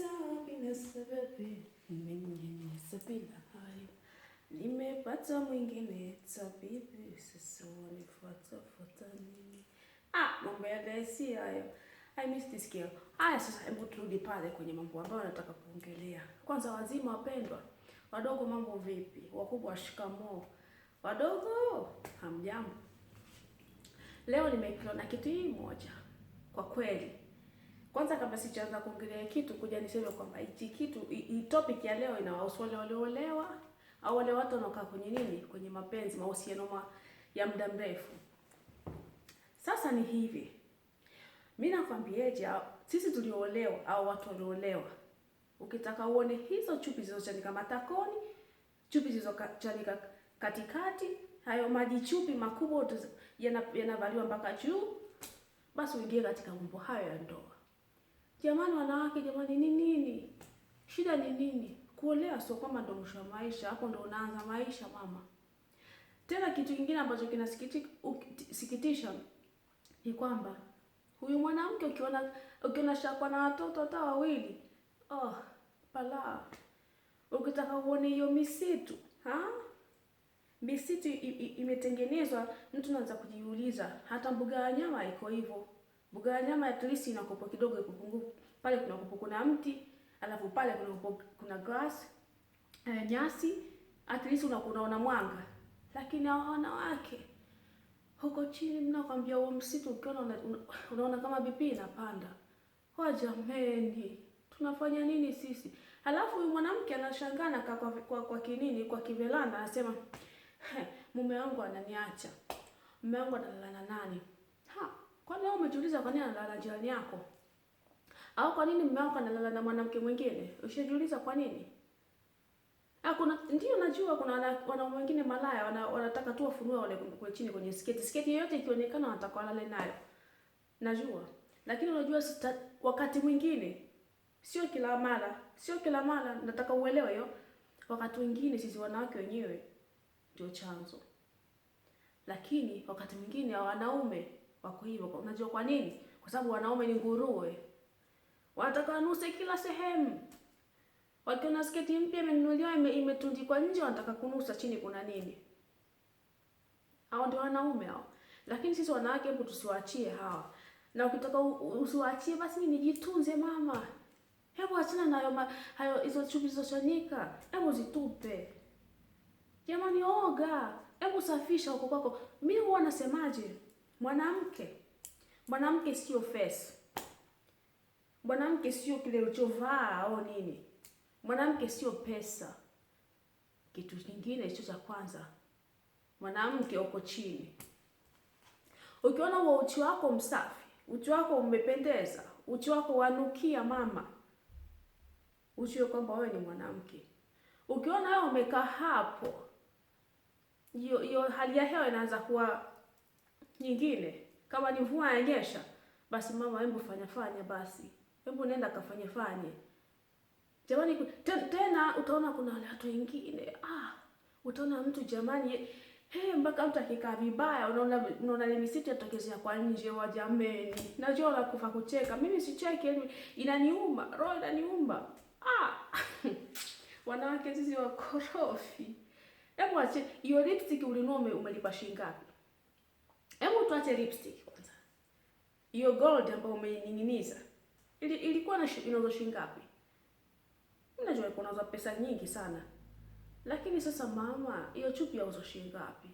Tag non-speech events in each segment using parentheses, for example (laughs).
nimepata bila sababu, nimenyanyasa bila hayo, nimepata mwingine tabibu, sasa wanifuata fuata nini? Ah, mambo ya gaisi hayo. I miss this girl. Haya, sasa hebu turudi pale kwenye mambo ambayo nataka kuongelea. Kwanza, wazima wapendwa, wadogo mambo vipi? Wakubwa shikamoo. Wadogo hamjambo. Leo nimekiona kitu hii moja kwa kweli kwanza kabla sijaanza kuongelea kitu, kuja niseme kwamba hichi kitu hii topic ya leo inawahusu wale walioolewa au wale watu wanaokaa kwenye nini, kwenye mapenzi, mahusiano ya muda mrefu. Sasa ni hivi, mimi nakwambieje, sisi tulioolewa au watu walioolewa, ukitaka uone hizo chupi zilizochanika matakoni, chupi zilizochanika katikati, hayo maji chupi makubwa yanavaliwa yana mpaka juu, basi uingie katika mambo hayo ya ndoa. Jamani wanawake, jamani, ni nini shida? Ni nini? Kuolewa sio kwamba ndo mwisho wa maisha, hapo ndo unaanza maisha mama. Tena kitu kingine ambacho kinasikitisha ni kwamba huyu mwanamke ukiona ukiona shakwa na watoto hata wawili, oh pala, ukitaka uone hiyo misitu ha? Misitu imetengenezwa, mtu anaanza kujiuliza hata mbuga ya wanyama iko hivyo. Mbuga ya wanyama at least inakopa kidogo ikupungufu. Pale kuna kopo kuna mti, alafu pale kuna kopo kuna grass, eh, nyasi, at least unakuwa una mwanga. Lakini hao wanawake huko chini mnakwambia huo msitu ukiona una, una, unaona kama BP inapanda. Kwa jameni, tunafanya nini sisi? Alafu huyu mwanamke anashangana kwa, kwa, kwa, kwa kinini kwa kivelanda anasema mume wangu ananiacha. Mume wangu analala nani? Kwani wewe umejiuliza kwa nini analala jirani yako? Au kwa nini mume wako analala na mwanamke mwingine? Ushajiuliza kwa nini? Ah, kuna ndio najua kuna wanaume wengine malaya wana, wanataka tu wafunue wale kwa chini kwenye sketi. Sketi yoyote ikionekana wanataka walale nayo. Najua. Lakini unajua sita, wakati mwingine sio kila mara, sio kila mara nataka uelewe hiyo. Wakati mwingine sisi wanawake wenyewe ndio chanzo. Lakini wakati mwingine wanaume wako hivyo. Unajua kwa nini? Kwa sababu wanaume ni nguruwe, wanataka wanuse kila sehemu. Wakiona sketi mpya imenunuliwa, imetundikwa nje, wanataka kunusa chini kuna nini. Hao ndio wanaume hao. Lakini sisi wanawake, hebu tusiwaachie hawa, na ukitaka usiwaachie basi nijitunze mama, hebu achana na hayo hizo chupi zilizochanika, hebu zitupe jamani, oga, hebu safisha huko kwako. Mimi huwa nasemaje? Mwanamke, mwanamke sio face, mwanamke sio kile ulichovaa au nini, mwanamke sio pesa. Kitu kingine hicho cha kwanza, mwanamke uko chini. Ukiona huo uchi wako msafi, uchi wako umependeza, uchi wako wanukia mama, ujue kwamba wewe ni mwanamke. Ukiona wewe umekaa hapo, hiyo hali ya hewa inaanza kuwa nyingine. Kama ni mvua yanyesha, basi mama, hebu fanya fanya, basi hebu nenda kafanye fanye. Jamani, tena utaona kuna watu wengine ah, utaona mtu jamani, he, mpaka mtu akikaa vibaya, unaona unaona ile misitu yatokezea kwa nje. Wa jameni, najua unakufa kucheka, mimi sicheki, yaani inaniuma roho, inaniuma ah (laughs) wanawake sisi wakorofi. Hebu acha hiyo lipstick ulinua, umelipa shilingi ngapi? Hebu tuache lipstick kwanza. Hiyo gold ambayo umeining'iniza ili, ilikuwa na inauza shilingi ngapi? Unajua unauza pesa nyingi sana. Lakini sasa mama, hiyo chupi yauza shilingi ngapi?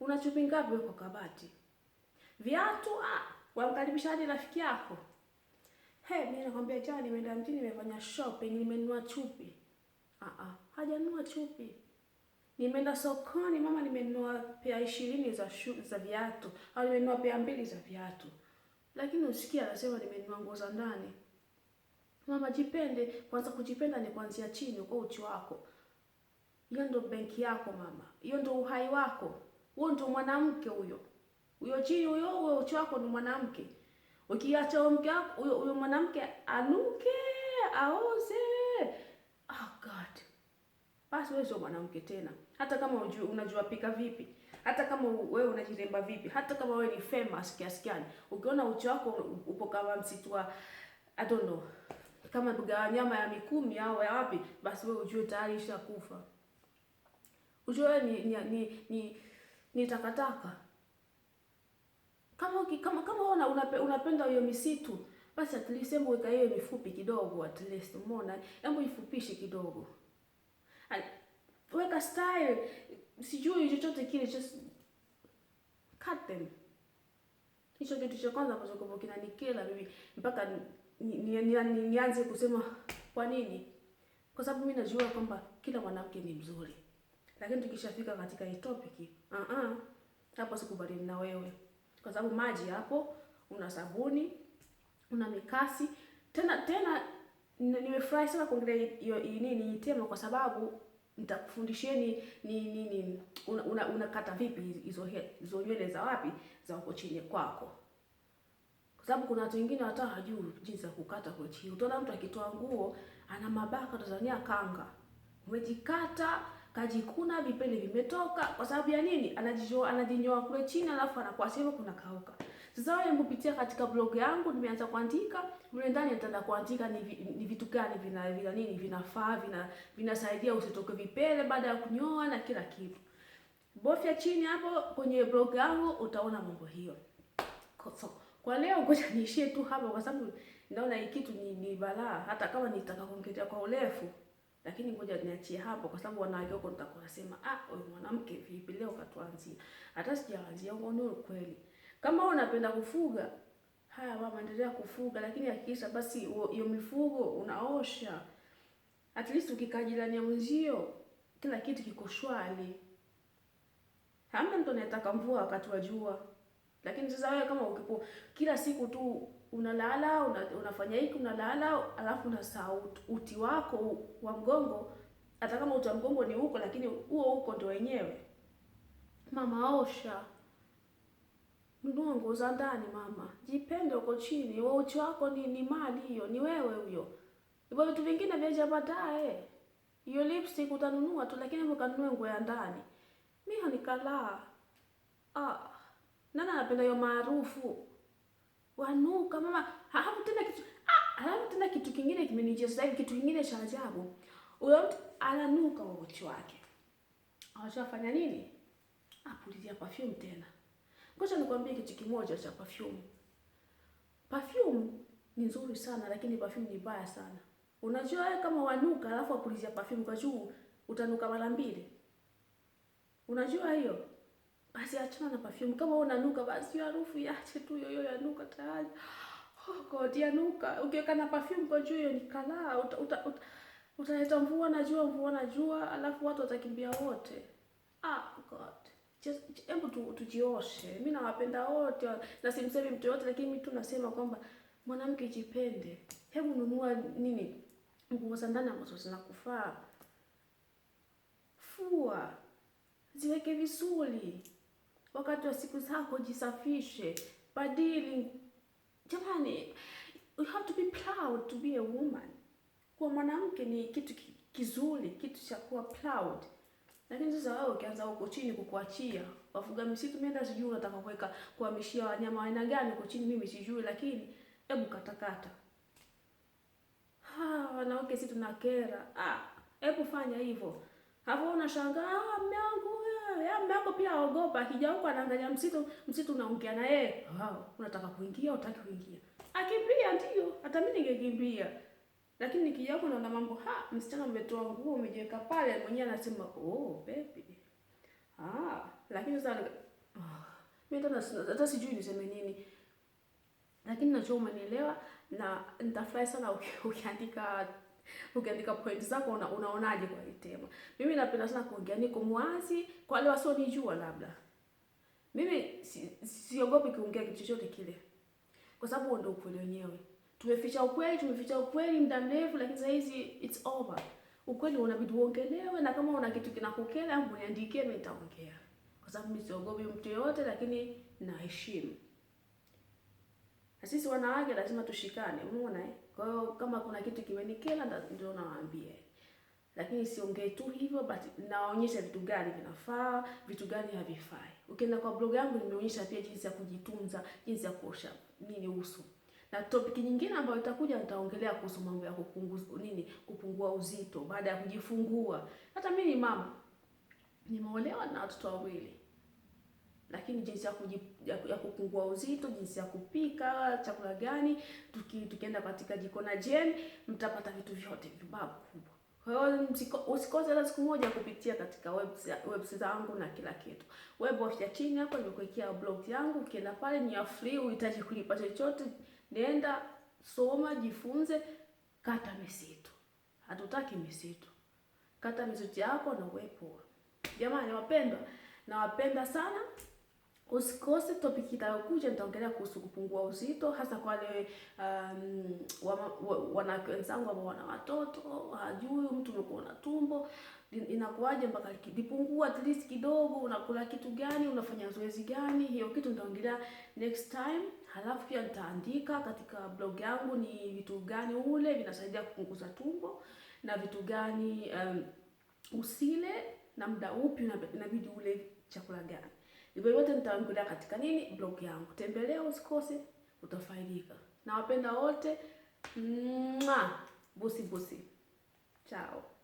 Una chupi ngapi kwa kabati? Viatu ah, wamkaribishaje rafiki yako? He, mimi nakwambia jana nimeenda mjini nimefanya shopping nimenunua chupi. Ah ah, hajanunua chupi. Nimeenda sokoni mama, nimenunua pea ishirini za shu, za viatu au nimenunua pea mbili za viatu, lakini usikia anasema nimenunua nguo za ndani. Mama, jipende kwanza. Kujipenda ni kuanzia chini, kwa uchi wako, hiyo ndo benki yako mama, hiyo ndo uhai wako, huo ndo mwanamke huyo huyo. Chini huyo huyo uchi wako ni mwanamke. Ukiacha mke wako huyo mwanamke anuke aoze basi wewe sio mwanamke tena. Hata kama unajua, unajua pika vipi, hata kama wewe unajiremba vipi, hata kama wewe ni famous kiasi gani, ukiona uchi wako upo kama msitu wa I don't know kama mbuga ya nyama ya Mikumi au ya wapi, basi wewe ujue tayari ishakufa. Ujue ni ni ni, ni, ni takataka. Kama kama kama una, unapenda hiyo misitu basi at least hebu weka hiyo mifupi kidogo, at least umeona, hebu ifupishe kidogo kutoka style sijui chochote kile just cut them. Hicho kitu cha kwanza ambacho kwa kinanikera mimi mpaka nianze kusema kwa nini? Kwa sababu mimi najua kwamba kila mwanamke ni mzuri, lakini tukishafika katika hii topic ah uh -uh, hapo sikubaliani na wewe, kwa sababu maji hapo, una sabuni, una mikasi tena tena. Nimefurahi sana kuongelea hiyo nini tema, kwa sababu nitakufundishieni ni nini, unakata una, una vipi hizo nywele za wapi za huko chini kwako, kwa sababu kuna watu wengine hata hajui jinsi ya kukata huko chini. Utaona mtu akitoa nguo ana mabaka, Tanzania kanga umejikata kajikuna vipele vimetoka. Kwa sababu ya nini? Anajinyoa kule chini, alafu anakuwa kuna kauka. Sasa wewe kupitia katika blog yangu nimeanza kuandika, mle ndani nitaenda kuandika ni, ni vitu gani vina vina nini vinafaa, vina vinasaidia usitoke vipele baada ya kunyoa na kila kitu. Bofya chini hapo kwenye blog yangu utaona mambo hiyo. So, kwa leo ngoja niishie tu hapa kwa sababu naona hii kitu ni, ni balaa hata kama nitaka kuongelea kwa urefu lakini ngoja niachie hapo kwa sababu wanawake huko nitakuwa nasema ah, huyu mwanamke vipi leo katuanzia. Hata sijaanzia huko ndio kweli. Kama wewe unapenda kufuga, haya mama, endelea kufuga, lakini hakikisha basi hiyo mifugo unaosha. At least ukikaa jirani ya mwenzio, kila kitu kiko shwari. Hamna mtu anayetaka mvua wakati wa jua. Lakini sasa wewe kama ukipo kila siku tu unalala una, unafanya hiki unalala, alafu na sauti uti wako wa mgongo. Hata kama uti wa mgongo ni huko, lakini huo huko ndio wenyewe, mama osha za ndani mama, jipende uko chini, wewe uchi wako ni, ni mali hiyo, ni wewe huyo. Hivyo vitu vingine vyaje baadaye. Hiyo lipstick utanunua tu, lakini kanunue nguo ya ndani. Mimi hanikala. Ah, nani anapenda hiyo maarufu? Wanuka mama, hapo tena kitu ah, hapo tena kitu kingine kimenijia sasa kitu kingine cha ajabu. Huyo mtu ananuka uchi wake. Anachofanya nini? Apulizia perfume tena. Ngoja nikwambie kitu kimoja cha perfume. Perfume ni nzuri sana lakini perfume ni mbaya sana. Unajua wewe kama wanuka alafu akulizia perfume kwa juu utanuka mara mbili. Unajua hiyo? Basi achana na perfume. Kama unanuka basi hiyo harufu iache tu hiyo yanuka tayari. Oh God, yanuka. Ukiweka na perfume kwa juu hiyo ni kalaa. Uta, uta, uta, utaleta mvua na jua, mvua na jua, alafu watu watakimbia wote. Ah God hebu tu, tujioshe. Mimi nawapenda wote na simsemi mtu yote, lakini mimi tu nasema kwamba mwanamke jipende. Hebu nunua nini, nguo za ndani ambazo zinakufaa, fua, ziweke vizuri. Wakati wa siku zako jisafishe, badili. Jamani, you have to be proud to be a woman. Kuwa mwanamke ni kitu kizuri, kitu cha kuwa proud lakini sasa wao ukianza huko chini kukuachia, wafuga misitu mimi sijui unataka kuweka kuhamishia wanyama aina gani huko chini mimi sijui lakini hebu katakata. Ha, ah, wanawake sisi tunakera. Ah, hebu fanya hivyo. Hapo unashangaa ah, mume wangu ya mume wako pia aogopa akija huko anaangalia msitu, msitu unaongea na yeye. Wow, unataka kuingia, au utaki kuingia. Akimbia ndio, hata mimi ningekimbia. Lakini nikija huko naona mambo ha, msichana umetoa nguo umejiweka pale, mwenyewe anasema oh baby. Ah, lakini sasa oh, mimi hata sijui niseme nini. Lakini najua na umenielewa na nitafurahi sana ukiandika ukiandika point zako una, unaonaje kwa hii tema. Mimi napenda sana kuongea, niko mwazi kwa wale wasionijua labda. Mimi siogopi si, si kuongea kitu chochote kile. Kwa sababu ndio ukweli wenyewe tumeficha ukweli, tumeficha ukweli muda mrefu, lakini sasa hizi it's over. Ukweli unabidi uongelewe, na kama una kitu kinakukera mniandikie, mimi nitaongea, kwa sababu mimi siogopi mtu yoyote, lakini naheshimu. Na sisi wanawake lazima tushikane, umeona eh? Kwa hiyo kama kuna kitu kimenikera, ndio nawaambia, lakini siongee tu hivyo, but naonyesha vitu gani vinafaa, vitu gani havifai. Ukienda kwa blog yangu nimeonyesha pia jinsi ya kujitunza, jinsi ya kuosha nini uso na topic nyingine ambayo itakuja nitaongelea kuhusu mambo ya kupunguza nini, kupungua uzito baada ya kujifungua. Hata mimi ni mama, nimeolewa na watoto wawili, lakini jinsi ya, kujip, ya, ya kupungua uzito, jinsi ya kupika chakula gani, tuki, tukienda katika jiko na Jane mtapata vitu vyote vibabu kubwa. Kwa hiyo usikose hata siku moja kupitia katika website zangu na kila kitu. Web of ya chini hapo nimekuwekea blog yangu, ukienda pale ni ya free, uhitaji kulipa chochote nenda soma, jifunze, kata misitu. Hatutaki misitu, kata misitu yako na uwepo. Jamani wapendwa, nawapenda sana. Usikose topic itayokuja, nitaongelea kuhusu kupungua uzito, hasa kwa wale um, wanawake wenzangu ambao wana watoto, hajui mtu umekuwa na tumbo inakuwaje mpaka likipungua at least kidogo, unakula kitu gani, unafanya zoezi gani? Hiyo kitu nitaongelea next time, halafu pia nitaandika katika blog yangu ni vitu gani ule vinasaidia kupunguza tumbo na vitu gani um, usile na muda upi inabidi ule chakula gani. Hivyo yote nitaongelea katika nini blog yangu, tembelea, usikose, utafaidika. Nawapenda wote. Mwah! Busi busi. Chao.